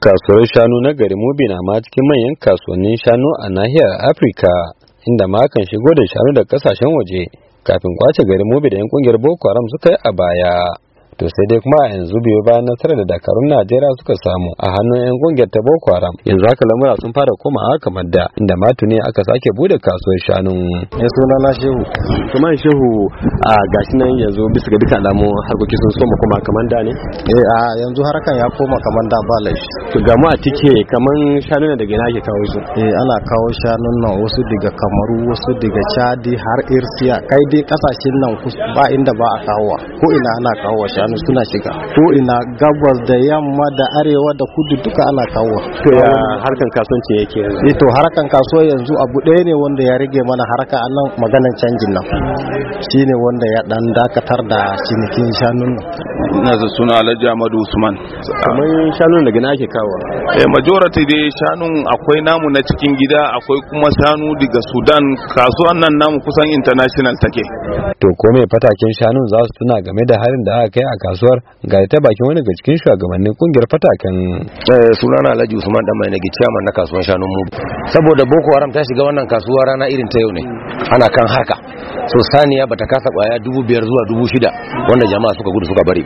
kasuwar shanu na gari mubi na ma cikin manyan kasuwannin shanu a nahiyar afirka inda ma kan shigo da shanu da kasashen waje kafin kwace gari mubi da yan kungiyar boko haram suka yi a baya to sai dai kuma a yanzu biyu bayan nasarar da dakarun najeriya suka samu a hannun yan kungiyar ta boko haram yanzu haka lamura sun fara komawa kamar da inda ma tuni aka sake bude kasuwar shanu. ya eh, suna na shehu kuma shehu a gashi nan yanzu bisa ga duka alamu harkokin sun soma kuma kamar da ne eh a yanzu harakan ya koma kamar da ba laifi to gamu a tike kamar shanuna daga ina ke kawo su eh ana kawo shanun nan wasu daga kamaru wasu daga chadi har irsiya kai dai kasashen nan ba inda ba a kawo ko ina ana kawo shanu suna shiga ko ina gabas da yamma da arewa da kudu duka ana kawo to ya harkan kasuwanci yake yanzu eh to harkan kasuwa yanzu abu ɗaya ne wanda ya rage mana harka nan maganan canjin nan shine wanda ya dan dakatar da cinikin shanun nan na suna Alhaji Ahmadu Usman kamar shanun daga ina ke kawo Eh, majority dai shanun akwai namu na cikin gida akwai kuma shanu daga sudan kasuwan nan namu kusan international take to ko mai fatakin shanun za su tuna game da harin da aka kai a kasuwar ga ta bakin wani daga cikin shugabannin kungiyar fataken eh, sunana alhaji usman dan mai nagi chairman na kasuwar shanun mu saboda boko haram ta shiga wannan kasuwa rana irin ta yau ne ana kan haka so saniya bata kasa kwaya dubu biyar zuwa dubu shida wanda jama'a suka gudu suka bari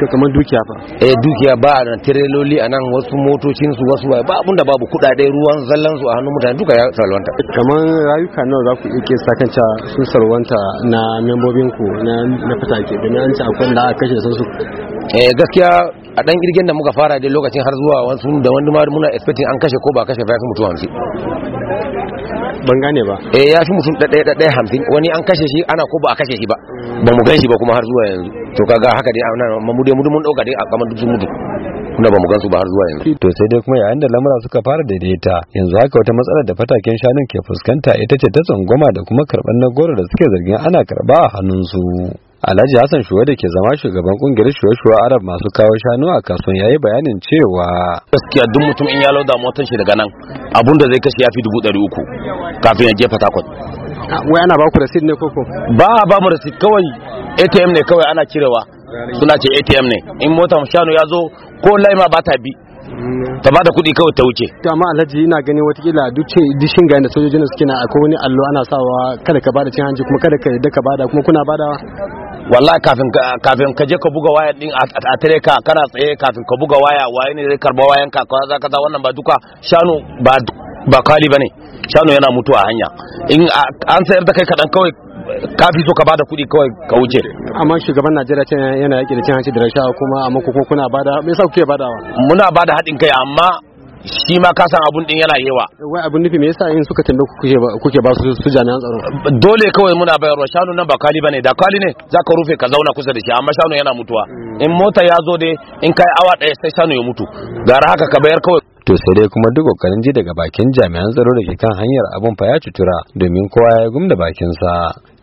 to kamar dukiya fa eh dukiya ba a nan tireloli a nan wasu motocin su wasu ba abinda babu kudade ruwan zallan su a hannun mutane duka ya salwanta kamar rayuka nawa za ku iya sakanta sun salwanta na membobin ku na na da domin an ci akwai da aka kashe su eh gaskiya a dan girgin da muka fara dai lokacin har zuwa wasu da wani ma muna expecting an kashe ko ba kashe fa ya fi hamsin ban gane ba eh ya fi mutum ɗaya ɗaya hamsin wani an kashe shi ana ko ba a kashe shi ba ba mu gan shi ba kuma har zuwa yanzu to kaga haka dai ana mu dai mun dauka dai a kamar duk mutu kuna ba mu su ba har zuwa yanzu. To sai dai kuma yayin da lamura suka fara daidaita yanzu haka wata matsalar da fataken shanun ke fuskanta ita ce ta tsangwama da kuma karban na goro da suke zargin ana karba a hannunsu. Alhaji Hassan Shuwa da ke zama shugaban kungiyar Shuwa-Shuwa Arab masu kawo shanu a kasuwan yayi bayanin cewa gaskiya duk mutum in ya lauda motar shi daga nan abunda zai kashe ya fi dubu ɗari uku kafin ya je Fatakwat. Wai ana ba ku rasid ne koko? Ba ba mu rasid kawai ATM ne kawai ana cirewa suna ce ATM ne in motar shanu ya zo ko laima ba ta bi ta ba da kuɗi kawai ta wuce to amma alhaji ina gani watakila duce dishin ga da sojojin suke na akwai wani allo ana sawa kada ka bada cin hanji kuma kada ka yadda ka bada kuma kuna bada wallahi kafin kafin ka je ka buga waya din a tare ka kana tsaye kafin ka buga waya waye ne zai karba wayan ka kaza kaza wannan ba duka shanu ba ba kali bane shanu yana mutuwa hanya in an sayar da kai kadan kawai ka so ka bada kuɗi kawai ka wuce amma shugaban Najeriya ce yana yaki da cin hanci da rashawa kuma amma ko kuna bada me yasa kuke badawa muna bada haɗin kai amma shi ma ka san abun din yana yawa wai abun nufi me yasa in suka tambaye kuke kuke ba su su jami'an tsaro dole kawai muna bayarwa shanu nan ba kali bane da kali ne za ka rufe ka zauna kusa da shi amma shanu yana mutuwa mm. in mota ya zo dai in kai awa daya sai shanu ya mutu gara haka ka bayar kawai to sai dai kuma duk kokarin ji daga bakin jami'an tsaro da ke kan hanyar abun fa ya cutura domin kowa ya bakin sa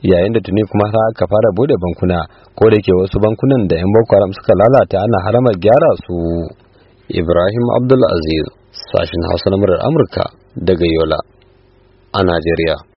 yayin da tuni kuma sa aka fara bude bankuna ko da ke wasu bankunan da yan boko suka lalata ana haramar gyara su Ibrahim Aziz sashin Hausa na murar Amurka daga Yola a Najeriya.